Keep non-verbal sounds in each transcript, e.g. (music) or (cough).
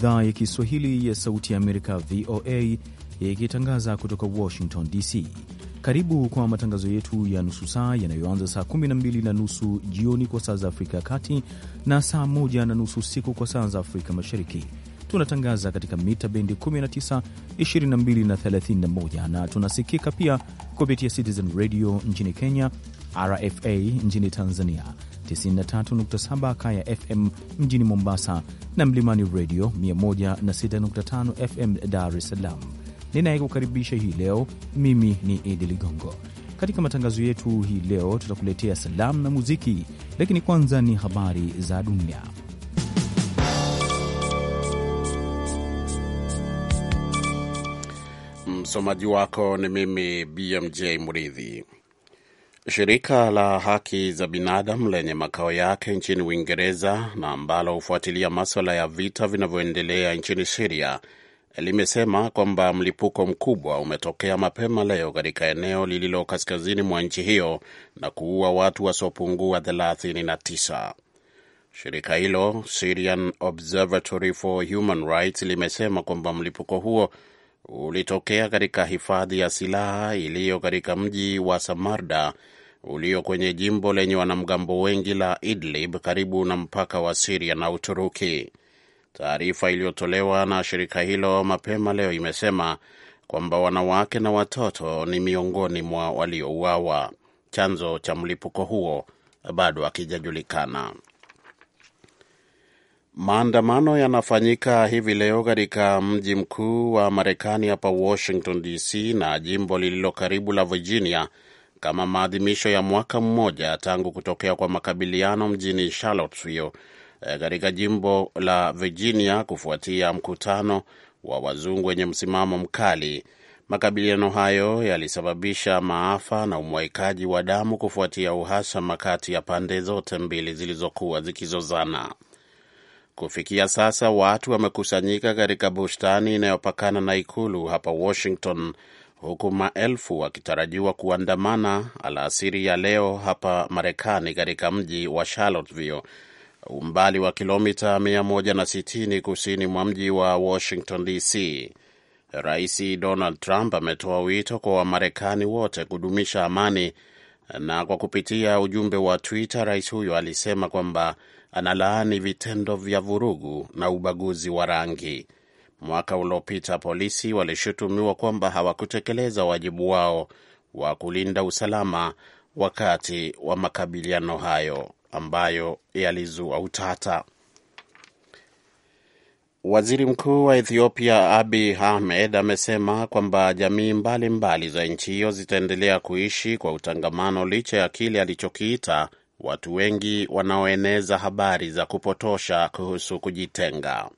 idhaa ya Kiswahili ya Sauti ya Amerika, VOA, ikitangaza kutoka Washington DC. Karibu kwa matangazo yetu ya nusu saa yanayoanza saa 12 na nusu jioni kwa saa za Afrika ya Kati na saa 1 na nusu siku kwa saa za Afrika Mashariki Tunatangaza katika mita bendi 19, 22 na 31 na tunasikika pia kupitia Citizen Radio nchini Kenya, RFA nchini Tanzania, 93.7 Kaya FM mjini Mombasa na Mlimani Radio 106.5 FM Dar es Salaam. Ninayekukaribisha hii leo mimi ni Idi Ligongo. Katika matangazo yetu hii leo tutakuletea salamu na muziki, lakini kwanza ni habari za dunia. Msomaji wako ni mimi BMJ Mridhi. Shirika la haki za binadamu lenye makao yake nchini Uingereza na ambalo hufuatilia maswala ya vita vinavyoendelea nchini Siria limesema kwamba mlipuko mkubwa umetokea mapema leo katika eneo lililo kaskazini mwa nchi hiyo na kuua watu wasiopungua 39. Shirika hilo Syrian Observatory for Human Rights limesema kwamba mlipuko huo ulitokea katika hifadhi ya silaha iliyo katika mji wa Samarda ulio kwenye jimbo lenye wanamgambo wengi la Idlib karibu na mpaka wa Siria na Uturuki. Taarifa iliyotolewa na shirika hilo mapema leo imesema kwamba wanawake na watoto ni miongoni mwa waliouawa. Chanzo cha mlipuko huo bado hakijajulikana. Maandamano yanafanyika hivi leo katika mji mkuu wa Marekani hapa Washington DC na jimbo lililo karibu la Virginia kama maadhimisho ya mwaka mmoja tangu kutokea kwa makabiliano mjini Charlottesville eh, katika jimbo la Virginia kufuatia mkutano wa wazungu wenye msimamo mkali. Makabiliano hayo yalisababisha maafa na umwaikaji wa damu kufuatia uhasama kati ya pande zote mbili zilizokuwa zikizozana. Kufikia sasa watu wamekusanyika katika bustani inayopakana na ikulu hapa Washington, huku maelfu wakitarajiwa kuandamana alasiri ya leo hapa Marekani, katika mji wa Charlottesville, umbali wa kilomita 160 kusini mwa mji wa Washington DC. Rais Donald Trump ametoa wito kwa Wamarekani wote kudumisha amani na kwa kupitia ujumbe wa Twitter, rais huyo alisema kwamba analaani vitendo vya vurugu na ubaguzi wa rangi. Mwaka uliopita polisi walishutumiwa kwamba hawakutekeleza wajibu wao wa kulinda usalama wakati wa makabiliano hayo ambayo yalizua utata. Waziri Mkuu wa Ethiopia Abiy Ahmed amesema kwamba jamii mbalimbali za nchi hiyo zitaendelea kuishi kwa utangamano licha ya kile alichokiita watu wengi wanaoeneza habari za kupotosha kuhusu kujitenga.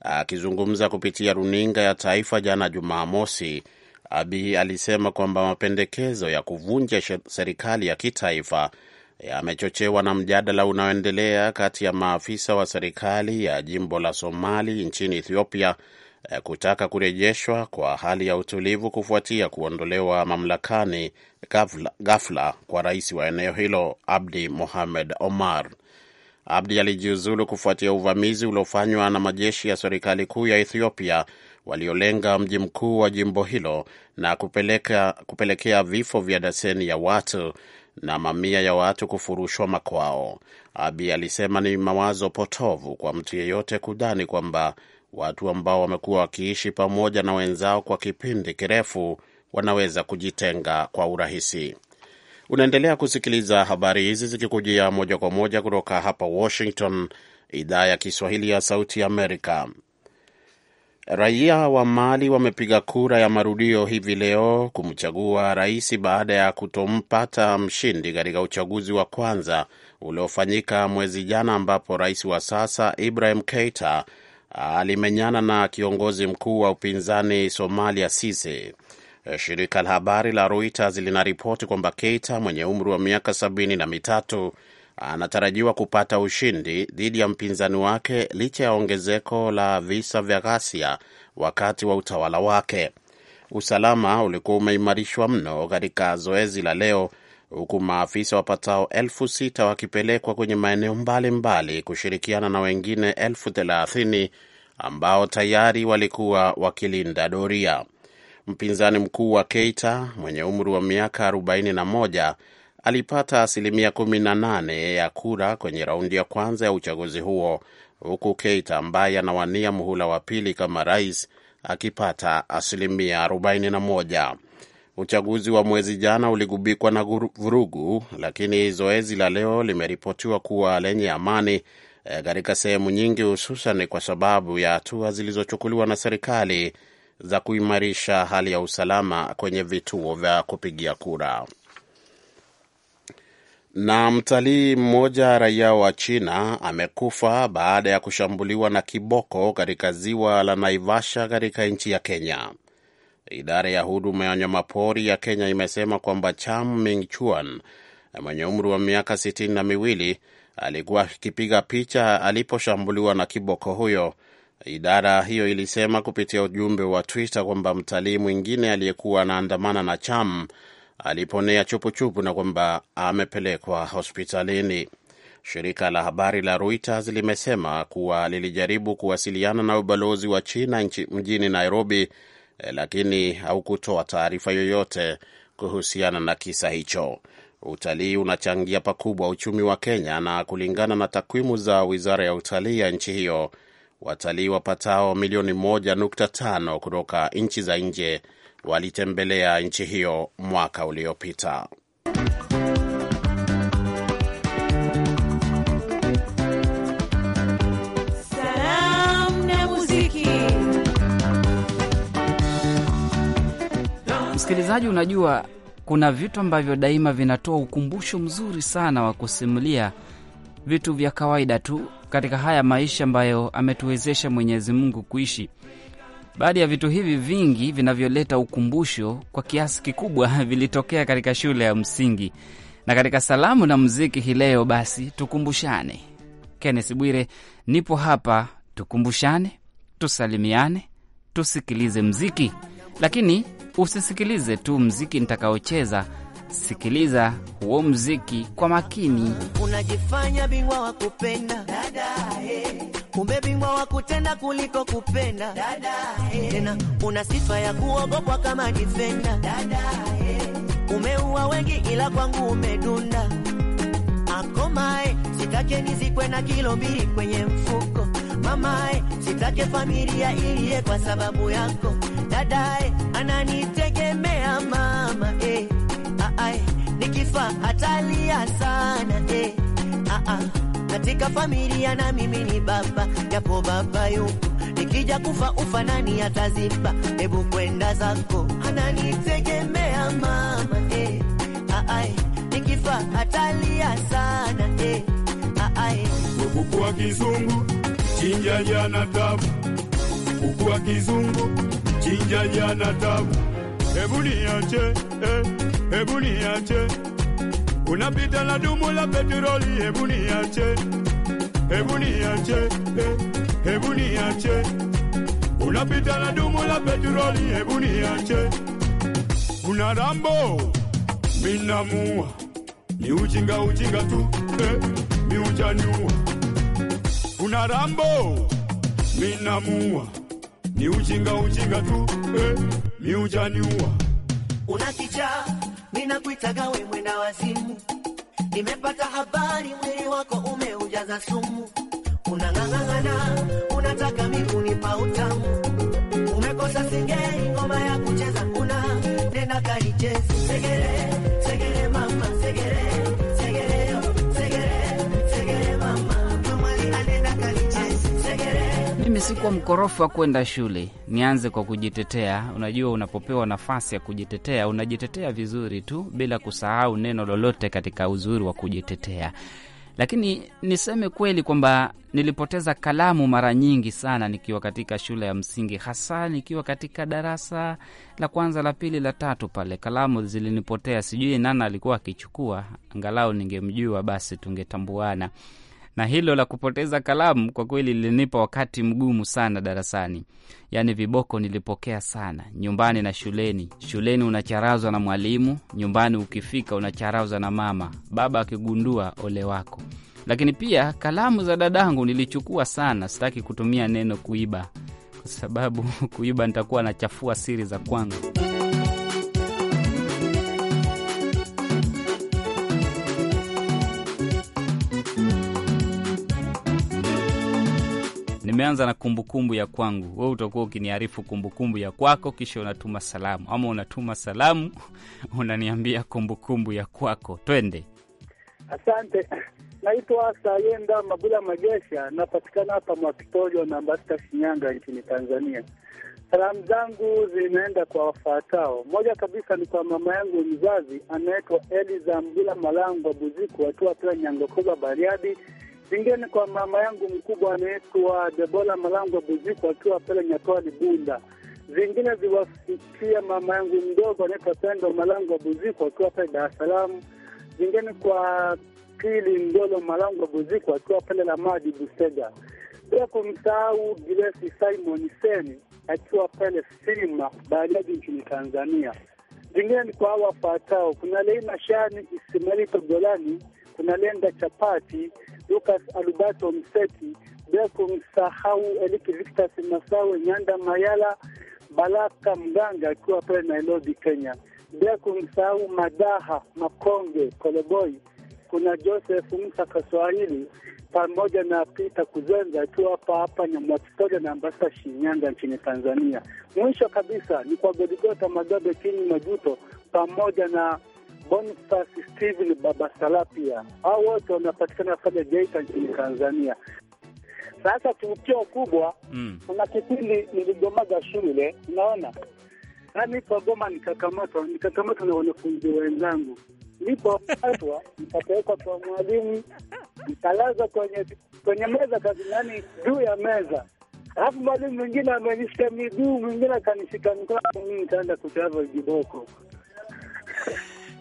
Akizungumza kupitia runinga ya taifa jana Jumamosi, Abiy alisema kwamba mapendekezo ya kuvunja serikali ya kitaifa yamechochewa e, na mjadala unaoendelea kati ya maafisa wa serikali ya jimbo la Somali nchini Ethiopia e, kutaka kurejeshwa kwa hali ya utulivu kufuatia kuondolewa mamlakani ghafla, ghafla kwa rais wa eneo hilo Abdi Mohamed Omar. Abdi alijiuzulu kufuatia uvamizi uliofanywa na majeshi ya serikali kuu ya Ethiopia waliolenga mji mkuu wa jimbo hilo na kupeleka, kupelekea vifo vya daseni ya watu na mamia ya watu kufurushwa makwao. Abi alisema ni mawazo potovu kwa mtu yeyote kudhani kwamba watu ambao wamekuwa wakiishi pamoja na wenzao kwa kipindi kirefu wanaweza kujitenga kwa urahisi. Unaendelea kusikiliza habari hizi zikikujia moja kwa moja kutoka hapa Washington, idhaa ya Kiswahili ya Sauti ya Amerika. Raia wa Mali wamepiga kura ya marudio hivi leo kumchagua rais baada ya kutompata mshindi katika uchaguzi wa kwanza uliofanyika mwezi jana, ambapo rais wa sasa Ibrahim Keita alimenyana na kiongozi mkuu wa upinzani Somalia Sise. Shirika la habari la Reuters linaripoti kwamba Keita mwenye umri wa miaka sabini na mitatu anatarajiwa kupata ushindi dhidi ya mpinzani wake licha ya ongezeko la visa vya ghasia wakati wa utawala wake. Usalama ulikuwa umeimarishwa mno katika zoezi la leo, huku maafisa wapatao elfu sita wakipelekwa kwenye maeneo mbalimbali kushirikiana na wengine elfu thelathini ambao tayari walikuwa wakilinda doria. Mpinzani mkuu wa Keita mwenye umri wa miaka 41 alipata asilimia kumi na nane ya kura kwenye raundi ya kwanza ya uchaguzi huo, huku Keita ambaye anawania muhula wa pili kama rais akipata asilimia moja. Uchaguzi wa mwezi jana uligubikwa na vurugu, lakini zoezi la leo limeripotiwa kuwa lenye amani eh, katika sehemu nyingi, hususan kwa sababu ya hatua zilizochukuliwa na serikali za kuimarisha hali ya usalama kwenye vituo vya kupigia kura. Na mtalii mmoja raia wa China amekufa baada ya kushambuliwa na kiboko katika ziwa la Naivasha katika nchi ya Kenya. Idara ya huduma ya wanyamapori ya Kenya imesema kwamba Cham Ming Chuan mwenye umri wa miaka sitini na miwili alikuwa akipiga picha aliposhambuliwa na kiboko huyo. Idara hiyo ilisema kupitia ujumbe wa Twitter kwamba mtalii mwingine aliyekuwa anaandamana na Cham aliponea chupuchupu na kwamba amepelekwa hospitalini. Shirika la habari la Reuters limesema kuwa lilijaribu kuwasiliana na ubalozi wa China mjini Nairobi, eh, lakini haukutoa taarifa yoyote kuhusiana na kisa hicho. Utalii unachangia pakubwa uchumi wa Kenya, na kulingana na takwimu za wizara ya utalii ya nchi hiyo, watalii wapatao milioni 1.5 kutoka nchi za nje walitembelea nchi hiyo mwaka uliopita. Msikilizaji, unajua kuna vitu ambavyo daima vinatoa ukumbusho mzuri sana wa kusimulia vitu vya kawaida tu katika haya maisha ambayo ametuwezesha Mwenyezi Mungu kuishi. Baadhi ya vitu hivi vingi vinavyoleta ukumbusho kwa kiasi kikubwa (laughs) vilitokea katika shule ya msingi. Na katika salamu na muziki hii leo, basi tukumbushane. Kenneth Bwire nipo hapa, tukumbushane, tusalimiane, tusikilize mziki, lakini usisikilize tu mziki nitakaocheza Sikiliza huo mziki kwa makini. Unajifanya bingwa wa kupenda dada, hey. Kumbe bingwa wa kutenda kuliko kupenda dada, hey. Tena una sifa ya kuogopwa kama difenda dada, hey. Umeua wengi ila kwangu umedunda akomae, sitake nizikwe na kilo mbili kwenye mfuko mamae, sitake familia iliye kwa sababu yako dadae, ananitegemea mama eh kufa atalia sana eh. Ah ah. Katika familia na mimi ni baba, japo baba yuko nikija kufa ufa nani ataziba? Hebu kwenda zako, ananitegemea mama eh. Ah ah. Nikifa atalia sana eh. Ah ah. Kuku wa kizungu chinja jana tabu, kuku wa kizungu chinja jana tabu, hebu niache eh, hebu niache Unapita na dumu la petroli, hebu niache, hebu niache, eh, hebu niache. Unapita na dumu la petroli, hebu niache. Una rambo minamua, ni ujinga ujinga tu eh, mi uchaniua. Una rambo minamua, ni ujinga ujinga tu eh, mi uchaniua. Unakicha ninakuitaga we mwenda wazimu, nimepata habari mwili wako umeujaza sumu, unangangangana unataka miguni pa utamu, umekosa sengeri ngoma ya kucheza, kuna nena kaicheze segere segere mama segere sikuwa mkorofu wa kwenda shule. Nianze kwa kujitetea. Unajua, unapopewa nafasi ya kujitetea unajitetea vizuri tu bila kusahau neno lolote katika uzuri wa kujitetea. Lakini niseme kweli kwamba nilipoteza kalamu mara nyingi sana nikiwa katika shule ya msingi, hasa nikiwa katika darasa la kwanza, la pili, la tatu. Pale kalamu zilinipotea, sijui nani alikuwa akichukua. Angalau ningemjua basi tungetambuana na hilo la kupoteza kalamu kwa kweli lilinipa wakati mgumu sana darasani, yaani viboko nilipokea sana nyumbani na shuleni. Shuleni unacharazwa na mwalimu, nyumbani ukifika unacharazwa na mama, baba akigundua ole wako. Lakini pia kalamu za dadangu nilichukua sana, sitaki kutumia neno kuiba kwa sababu (laughs) kuiba nitakuwa nachafua siri za kwangu. Tumeanza na kumbukumbu kumbu ya kwangu, we utakuwa ukiniarifu kumbukumbu ya kwako, kisha unatuma salamu ama unatuma salamu (laughs) unaniambia kumbukumbu kumbu ya kwako. Twende. Asante. Naitwa Sayenda Mabula Magesha, napatikana hapa Mwakitojo na Mbasta, Shinyanga nchini Tanzania. Salamu zangu zinaenda kwa wafuatao. Moja kabisa ni kwa mama yangu mzazi, anaitwa Eliza Mbula Malangwa Buziku, akiwa pia Nyangokoba, Bariadi Zingine kwa mama yangu mkubwa anaitwa Debola Malango Buziku akiwa pale Nyatwali Bunda. Zingine ziwafikia mama yangu mdogo anaitwa Pendo Malango Buziku akiwa pale Dar es Salaam. Zingine kwa Pili Ndolo Malango Buziku akiwa pale Lamadi Busega, bila kumsahau Gilesi Simon Seni akiwa pale Sima Bariadi nchini Tanzania. Zingine ni kwa hawafuatao: kuna Leina Shani Ismaili Togolani, kuna Lenda Chapati Lucas Alubato Mseti, bila kumsahau Eliki Victor Masawe, Nyanda Mayala, Baraka Mganga akiwa pale Nairobi, Kenya, bila kumsahau Madaha Makonge koleboi kuna Joseph Musa Kaswahili pamoja na Peter Kuzenza akiwa hapa hapa Nyamwakitoja na Ambasa Shinyanga nchini Tanzania. Mwisho kabisa ni kwa Godigota Magabe kini Majuto pamoja na Boniface Steven Baba pia hao wote wanapatikana fanya Geita nchini Tanzania. Sasa tukio kubwa mm. kuna kipindi niligomaga shule, unaona yaani nipo Goma nikakamatwa, nikakamatwa na wanafunzi wenzangu, nilipopatwa (laughs) nikapelekwa kwa mwalimu, nikalaza kwenye kwenye meza kazi, nani juu ya meza alafu mwalimu mwingine amenishika miguu, mwingine akanishika mkono, mimi nikaenda kuchava viboko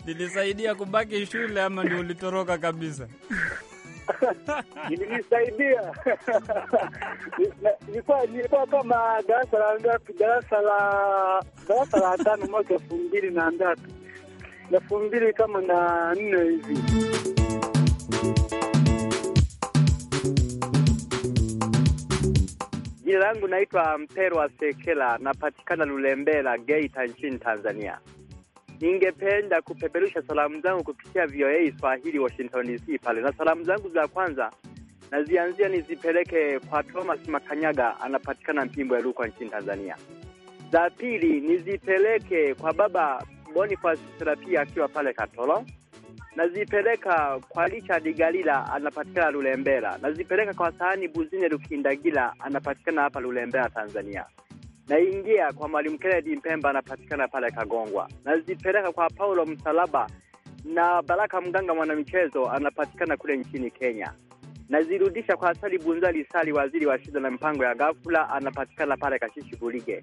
nilisaidia kubaki shule ama ndio ulitoroka kabisa? (laughs) Nilisaidia, (laughs) nilikuwa kama darasa la ngapi? Darasa la darasa la tano mwaka elfu mbili na ngapi, elfu mbili kama na nne hivi. Jina langu naitwa Mperwa Sekela, napatikana Lulembela, Geita, nchini Tanzania. Ningependa kupeperusha salamu zangu kupitia VOA Swahili Washington DC pale, na salamu zangu za kwanza nazianzia nizipeleke kwa Thomas Makanyaga, anapatikana Mpimbo ya Rukwa nchini Tanzania. Za pili nizipeleke kwa baba Boniface Serapia akiwa pale Katoro. Nazipeleka kwa Richard Galila anapatikana Lulembera. Nazipeleka kwa Sahani Buzine Lukindagila anapatikana hapa Lulembera, Tanzania naingia kwa Mwalimu Kennedy Mpemba, anapatikana pale Kagongwa, nazipeleka kwa Paulo Msalaba na Baraka Mganga mwanamichezo anapatikana kule nchini Kenya. Nazirudisha kwa Sali Bunzali Sali, waziri wa shida na mpango ya ghafula, anapatikana pale Kashishi Bulige.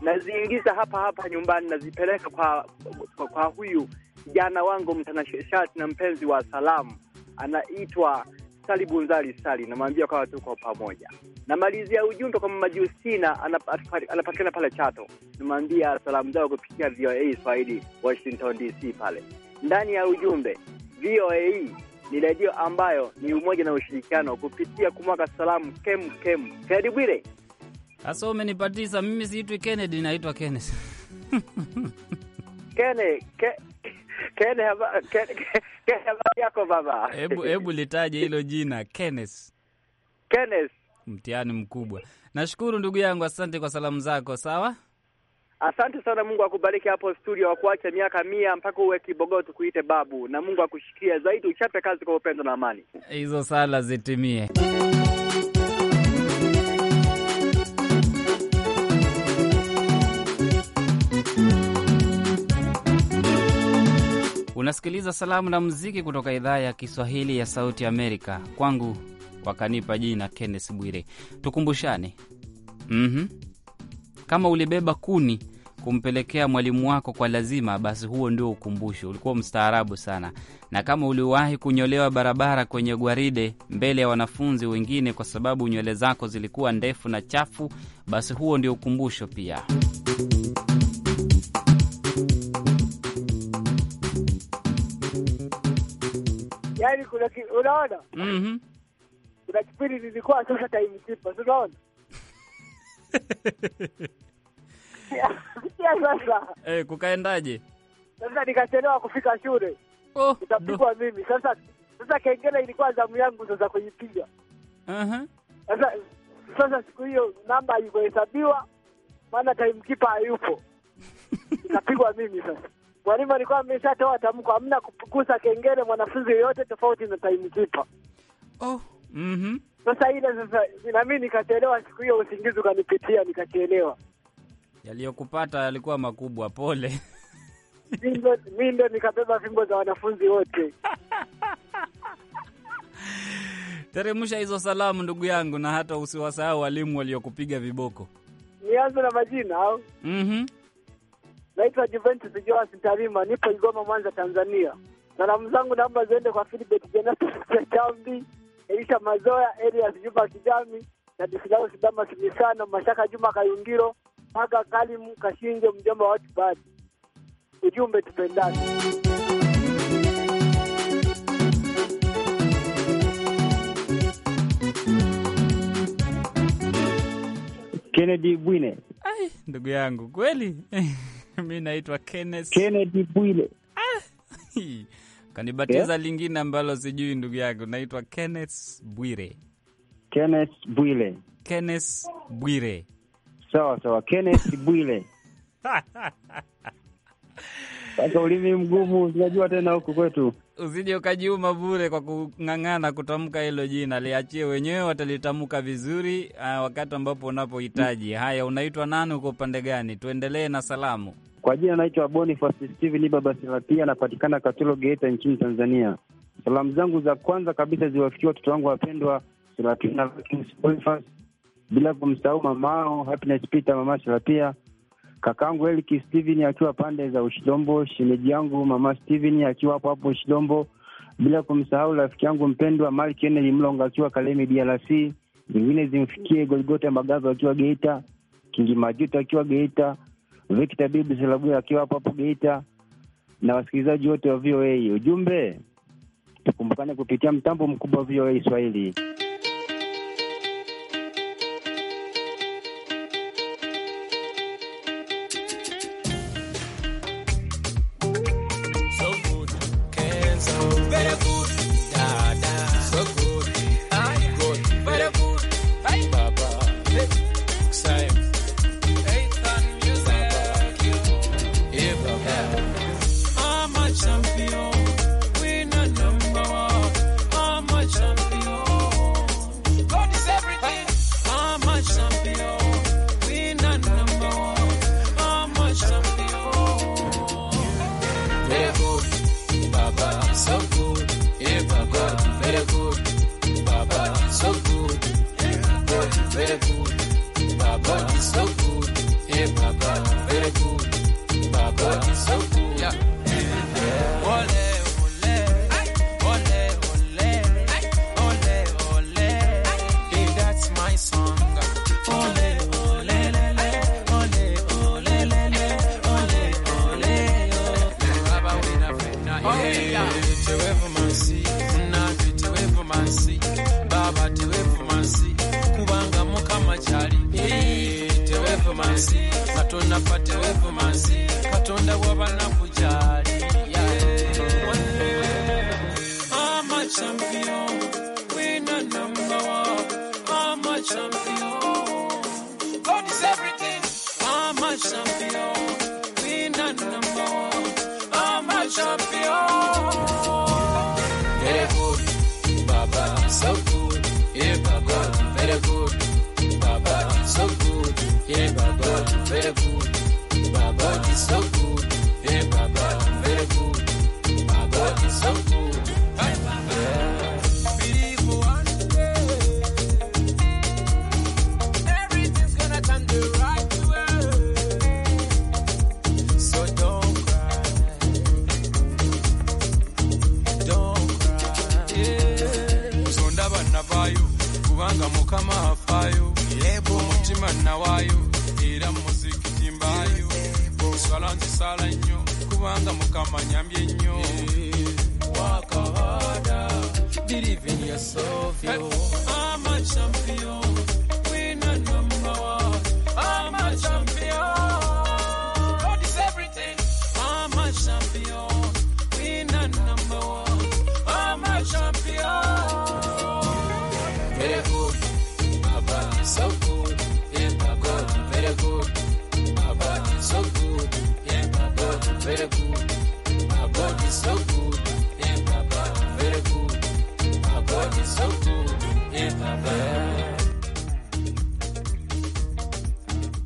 Naziingiza hapa hapa nyumbani, nazipeleka kwa, kwa, kwa huyu kijana wangu mtanashati na mpenzi wa salamu, anaitwa Sali Bunzali Sali, namwambia watu tuko pamoja. Namalizia ujumbe kwa Mama Justina, anapatikana pale Chato. Nimwambia salamu zao kupitia VOA Swahili Washington DC. Pale ndani ya ujumbe, VOA ni redio ambayo ni umoja na ushirikiano kupitia kumwaga salamu kem kem. Kennedy Bwire, sasa umenipatisa mimi, siitwi Kennedy, naitwa Kenneth (laughs) Kene, ke, kene, haba, kene, kene, haba yako baba. Hebu litaje hilo jina Kenneth. Kenneth mtihani mkubwa. Nashukuru ndugu yangu, asante kwa salamu zako. Sawa, asante sana. Mungu akubariki hapo studio, wakuacha miaka mia mpaka uwe kibogoo tukuite babu, na Mungu akushikia zaidi, uchape kazi kwa upendo na amani. Hizo sala zitimie. Unasikiliza salamu na muziki kutoka idhaa ya Kiswahili ya Sauti Amerika. Kwangu wakanipa jina kennes Bwire. Tukumbushane mm -hmm. Kama ulibeba kuni kumpelekea mwalimu wako kwa lazima, basi huo ndio ukumbusho. Ulikuwa mstaarabu sana. Na kama uliwahi kunyolewa barabara kwenye gwaride mbele ya wanafunzi wengine kwa sababu nywele zako zilikuwa ndefu na chafu, basi huo ndio ukumbusho pia. Yani, unaona mm -hmm kuna kipindi nilikuwa sasa time kipa tunaona sikia (laughs) sasa. Eh, kukaendaje sasa? Nikachelewa kufika shule, oh, nikapigwa mimi sasa. Sasa kengele ilikuwa zamu yangu sasa kuipiga. uh-huh. Sasa sasa siku hiyo namba haikuhesabiwa, maana time kipa hayupo nikapigwa (laughs) mimi sasa. Mwalimu alikuwa ameshatoa tamko, hamna kugusa kengele mwanafunzi yoyote tofauti na time kipa. oh. Mm -hmm. Sasa ile sasa na mimi nikachelewa siku hiyo, usingizi ukanipitia nikachelewa. Yaliyokupata yalikuwa makubwa, pole. Mimi (laughs) ndo nikabeba fimbo za wanafunzi wote. (laughs) Teremsha hizo salamu ndugu yangu, na hata usiwasahau walimu waliokupiga viboko. Nianze na majina au? mm -hmm. Naitwa Juventus Joas Tarima, nipo Igoma, Mwanza, Tanzania. Salamu zangu naomba ziende kwa Filibert Jenasa Chambi Elisha Mazoya, Elias Juba Kijami na Disidao Sidama Simisano, Mashaka Juma Kayungiro, Maga Kalimu kashinje mjomba wa watu baadhi. Ujumbe tupendane. Kennedy Bwine. Ai, ndugu yangu kweli. (laughs) mi naitwa Kenneth Kennedy Bwile. Ah. (laughs) kanibatiza yeah, lingine ambalo sijui ndugu yake Naitwa Kenneth Bwire. Kenneth Bwire. Kenneth Bwire. Sawa sawa, Kenneth Bwire. (laughs) Sasa ulimi mgumu, unajua tena huku kwetu. Usije ukajiuma bure kwa kung'ang'ana kutamka hilo jina, liachie wenyewe, watalitamka vizuri uh, wakati ambapo unapohitaji. Haya, unaitwa nani, uko upande gani? Tuendelee na salamu. Kwa jina naitwa Boniface Steven Baba Serapia, anapatikana Katoro, Geita nchini Tanzania. Salamu zangu za kwanza kabisa ziwafikia watoto wangu wapendwa Serapia, bila kumsahau mamao Happiness Peter, mama Serapia, kakaangu Eliki Steven akiwa pande za Ushidombo, shemeji yangu mama Steven akiwa hapo hapo Ushidombo, bila kumsahau rafiki yangu mpendwa Mark Eneli Mlonga akiwa Kalemi DRC. Zingine zimfikie Golgota Magazo akiwa Geita, Kingi Majuto akiwa Geita, Victor Bibi Silabue akiwa hapo hapo Geita na wasikilizaji wote wa VOA. Ujumbe, tukumbukane kupitia mtambo mkubwa wa VOA Swahili. katonda pate wevumansi katonda wabanaku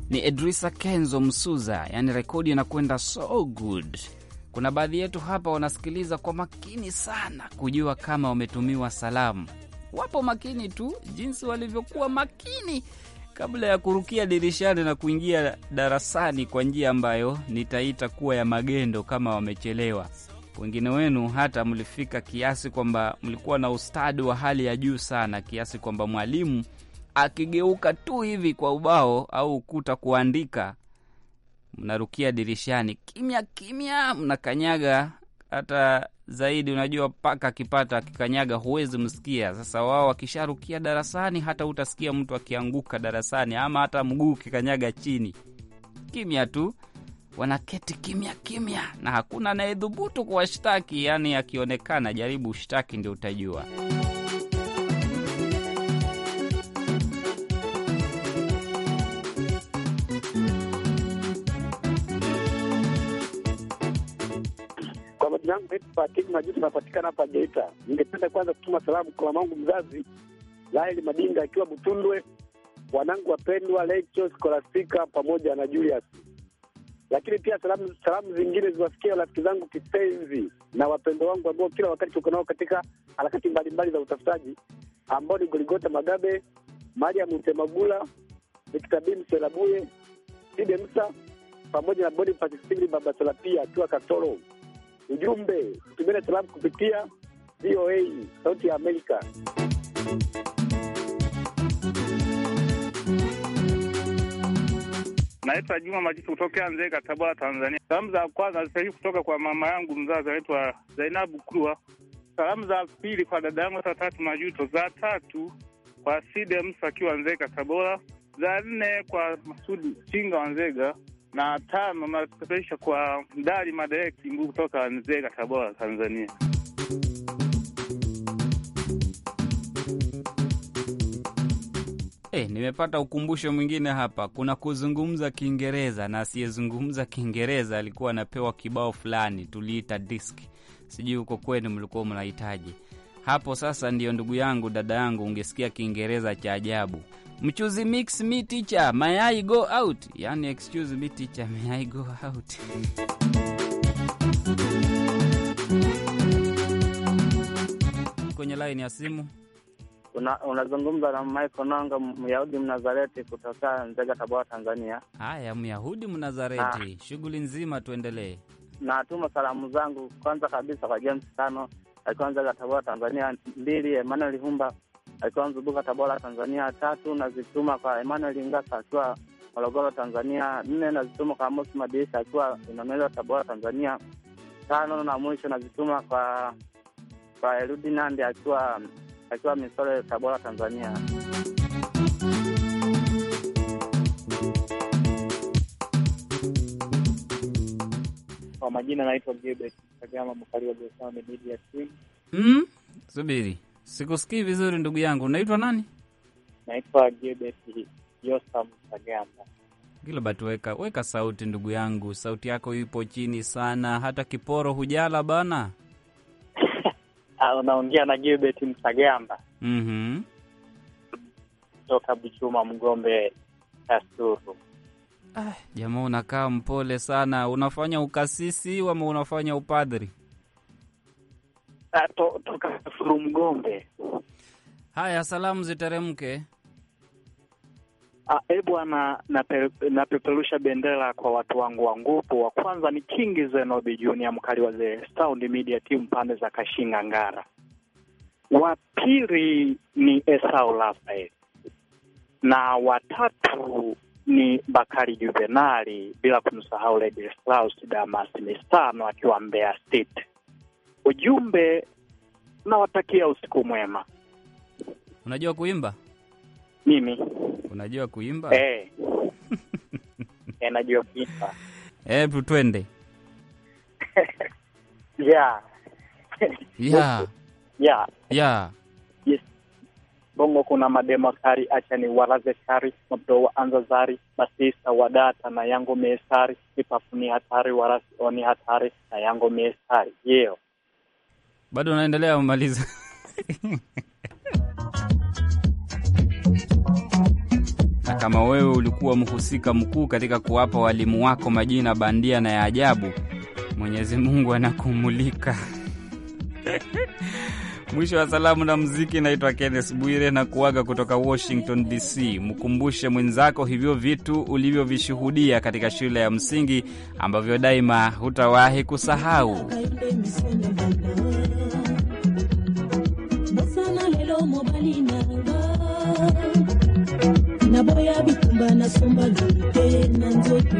ni Edrisa Kenzo Msuza, yani rekodi inakwenda so good. Kuna baadhi yetu hapa wanasikiliza kwa makini sana kujua kama wametumiwa salamu. Wapo makini tu jinsi walivyokuwa makini kabla ya kurukia dirishani na kuingia darasani kwa njia ambayo nitaita kuwa ya magendo kama wamechelewa. Wengine wenu hata mlifika kiasi kwamba mlikuwa na ustadi wa hali ya juu sana, kiasi kwamba mwalimu akigeuka tu hivi kwa ubao au ukuta kuandika, mnarukia dirishani kimya kimya, mnakanyaga hata zaidi. Unajua, paka akipata akikanyaga huwezi msikia. Sasa wao wakisharukia darasani, hata utasikia mtu akianguka darasani, ama hata mguu ukikanyaga chini, kimya tu wanaketi kimya kimya na hakuna anayedhubutu kuwashtaki. Yaani akionekana, jaribu ushtaki ndio utajua. Napatikana hapa Geita. Ningependa kwanza kutuma salamu kwa mamangu mzazi Laeli Madinga akiwa Butundwe, wanangu wapendwa Lecho Skolastika pamoja na Julius lakini pia salamu, salamu zingine ziwafikia rafiki zangu kipenzi na wapendo wangu ambao kila wakati tuko nao katika harakati mbalimbali za utafutaji ambao ni Goligota Magabe, Mariam Mutemagula, Victor Selabuye, Ide Msa pamoja na Bodi Singli Baba Salapia akiwa Katoro. Ujumbe, tutumene salamu kupitia VOA Sauti ya Amerika. Naitwa Juma Majitu kutokea Nzega, Tabora, Tanzania. Salamu za kwanza zisaii kutoka kwa mama yangu mzazi anaitwa Zainabu Krua. Salamu za pili kwa dada yangu tatu Majuto. Za tatu kwa Side Msa akiwa Nzega, Tabora. Za nne kwa Masudi Chinga wa Nzega, na tano nasaisha kwa Mdali Madereki Mbu kutoka Nzega, Tabora, Tanzania. Nimepata ukumbusho mwingine hapa, kuna kuzungumza Kiingereza na asiyezungumza Kiingereza alikuwa anapewa kibao fulani, tuliita disk, Sijui huko kwenu mlikuwa mnahitaji hapo. Sasa ndiyo ndugu yangu, dada yangu, ungesikia Kiingereza cha ajabu. Mchuzi mix me teacher, may I go out? Yani, excuse me teacher, may I go out? kwenye laini ya simu Unazungumza na Michael Nanga, Myahudi Mnazareti kutoka Nzega, Tabora, Tanzania. Haya, Myahudi Mnazareti, ah. shughuli nzima, tuendelee. Natuma salamu zangu kwanza kabisa kwa James Tano alikuwa Nzega, Tabora, Tanzania. Mbili, Emmanuel Humba alikuwa Mzubuka, Tabora, Tanzania. Tatu, nazituma kwa Emmanuel Ngasa akiwa Morogoro, Tanzania. Nne, nazituma kwa Amos Madirisha akiwa Inomeza, Tabora, Tanzania. Tano na mwisho nazituma kwa kwa Eludi Nandi akiwa akiwa Misole, Tabora, Tanzania. Kwa majina naitwa Gilbert Kagama Mkali wa Gosama Media Team. Mm, subiri. Sikusikii vizuri ndugu yangu. Unaitwa nani? Naitwa Gilbert Yosam Kagama. Gilbert, weka weka sauti ndugu yangu. Sauti yako ipo chini sana. Hata kiporo hujala bana. Ah, unaongea na Gilbert Msagamba mm -hmm. Buchuma Mgombe Kasuru. Ah, jamaa unakaa mpole sana. Unafanya ukasisi ama unafanya upadri? Ah, to, toka Kasuru Mgombe. Haya, salamu ziteremke. E Bwana, napeperusha bendera kwa watu wangu wa nguvu. Wa kwanza ni King Zenobi Junior, mkali wa The Sound Media Team pande za Kashinga Ngara. Wa pili ni Esau Rafael na watatu ni Bakari Juvenali, bila kumsahau Lady Claus Damas Misano akiwa Mbeya State. Ujumbe, nawatakia usiku mwema. Unajua kuimba mimi Unajua kuimba? Eh. (laughs) eh najua kuimba. Eh, twende. Yeah. (laughs) Yeah. Yeah. Yeah. Yes. Bongo kuna mademo kari, acha ni walaze kari, mabdo wa anza zari, basisa wadata na yango mesari, ipafu ni hatari, warasi oni hatari na yango mesari. Yeo. Bado unaendelea umaliza. (laughs) Kama wewe ulikuwa mhusika mkuu katika kuwapa walimu wako majina bandia na ya ajabu, Mwenyezi Mungu anakumulika. (laughs) Mwisho wa salamu na mziki. Naitwa Kenneth Bwire na kuaga kutoka Washington DC. Mkumbushe mwenzako hivyo vitu ulivyovishuhudia katika shule ya msingi ambavyo daima hutawahi kusahau. naboya bitumba nasomba lori te na nzoto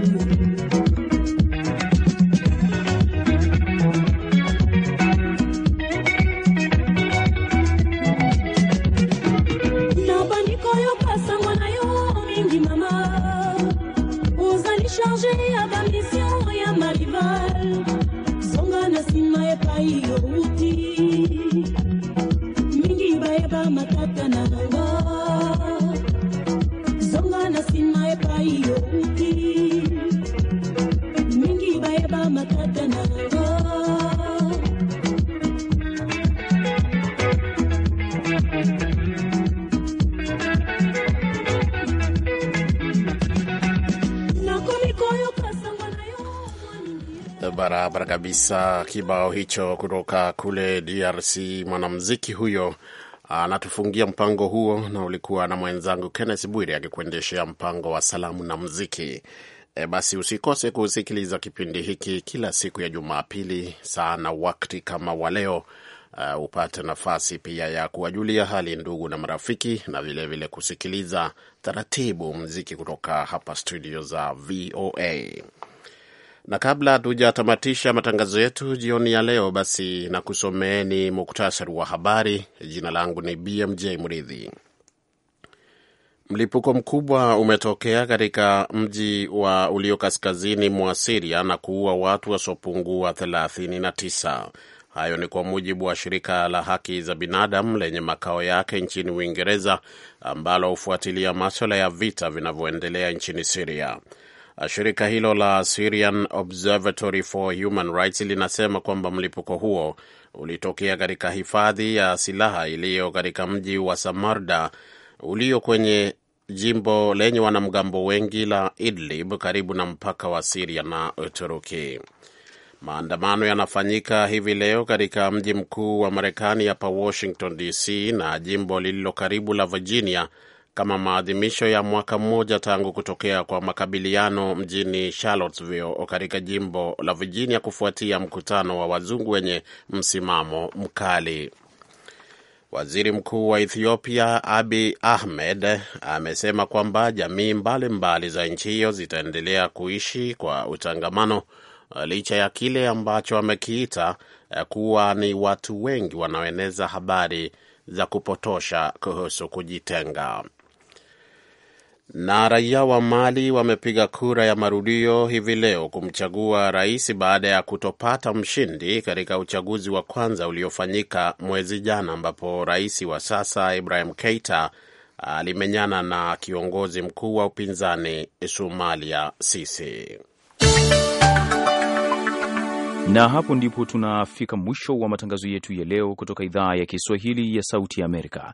kabisa kibao hicho kutoka kule DRC. Mwanamuziki huyo anatufungia mpango huo, na ulikuwa na mwenzangu Kenneth Bwire akikuendeshea mpango wa salamu na muziki. E, basi usikose kusikiliza kipindi hiki kila siku ya Jumapili sana wakati kama wa leo. Uh, upate nafasi pia ya kuwajulia hali ndugu na marafiki na vilevile vile kusikiliza taratibu mziki kutoka hapa studio za VOA. Na kabla hatujatamatisha matangazo yetu jioni ya leo, basi na kusomeeni muktasari wa habari. Jina langu ni BMJ Mridhi. Mlipuko mkubwa umetokea katika mji wa ulio kaskazini mwa Siria na kuua watu wasiopungua 39. Hayo ni kwa mujibu wa shirika la haki za binadamu lenye makao yake nchini Uingereza ambalo hufuatilia maswala ya vita vinavyoendelea nchini Siria. Shirika hilo la Syrian Observatory for Human Rights linasema kwamba mlipuko huo ulitokea katika hifadhi ya silaha iliyo katika mji wa Samarda ulio kwenye jimbo lenye wanamgambo wengi la Idlib karibu na mpaka wa Siria na Uturuki. Maandamano yanafanyika hivi leo katika mji mkuu wa Marekani hapa Washington DC na jimbo lililo karibu la Virginia kama maadhimisho ya mwaka mmoja tangu kutokea kwa makabiliano mjini Charlottesville katika jimbo la Virginia kufuatia mkutano wa wazungu wenye msimamo mkali. Waziri Mkuu wa Ethiopia Abi Ahmed amesema kwamba jamii mbalimbali mbali za nchi hiyo zitaendelea kuishi kwa utangamano licha ya kile ambacho amekiita kuwa ni watu wengi wanaoeneza habari za kupotosha kuhusu kujitenga. Na raia wa Mali wamepiga kura ya marudio hivi leo kumchagua rais baada ya kutopata mshindi katika uchaguzi wa kwanza uliofanyika mwezi jana, ambapo rais wa sasa Ibrahim Keita alimenyana na kiongozi mkuu wa upinzani Sumalia Sisi. Na hapo ndipo tunafika mwisho wa matangazo yetu ya leo kutoka idhaa ya Kiswahili ya Sauti ya Amerika.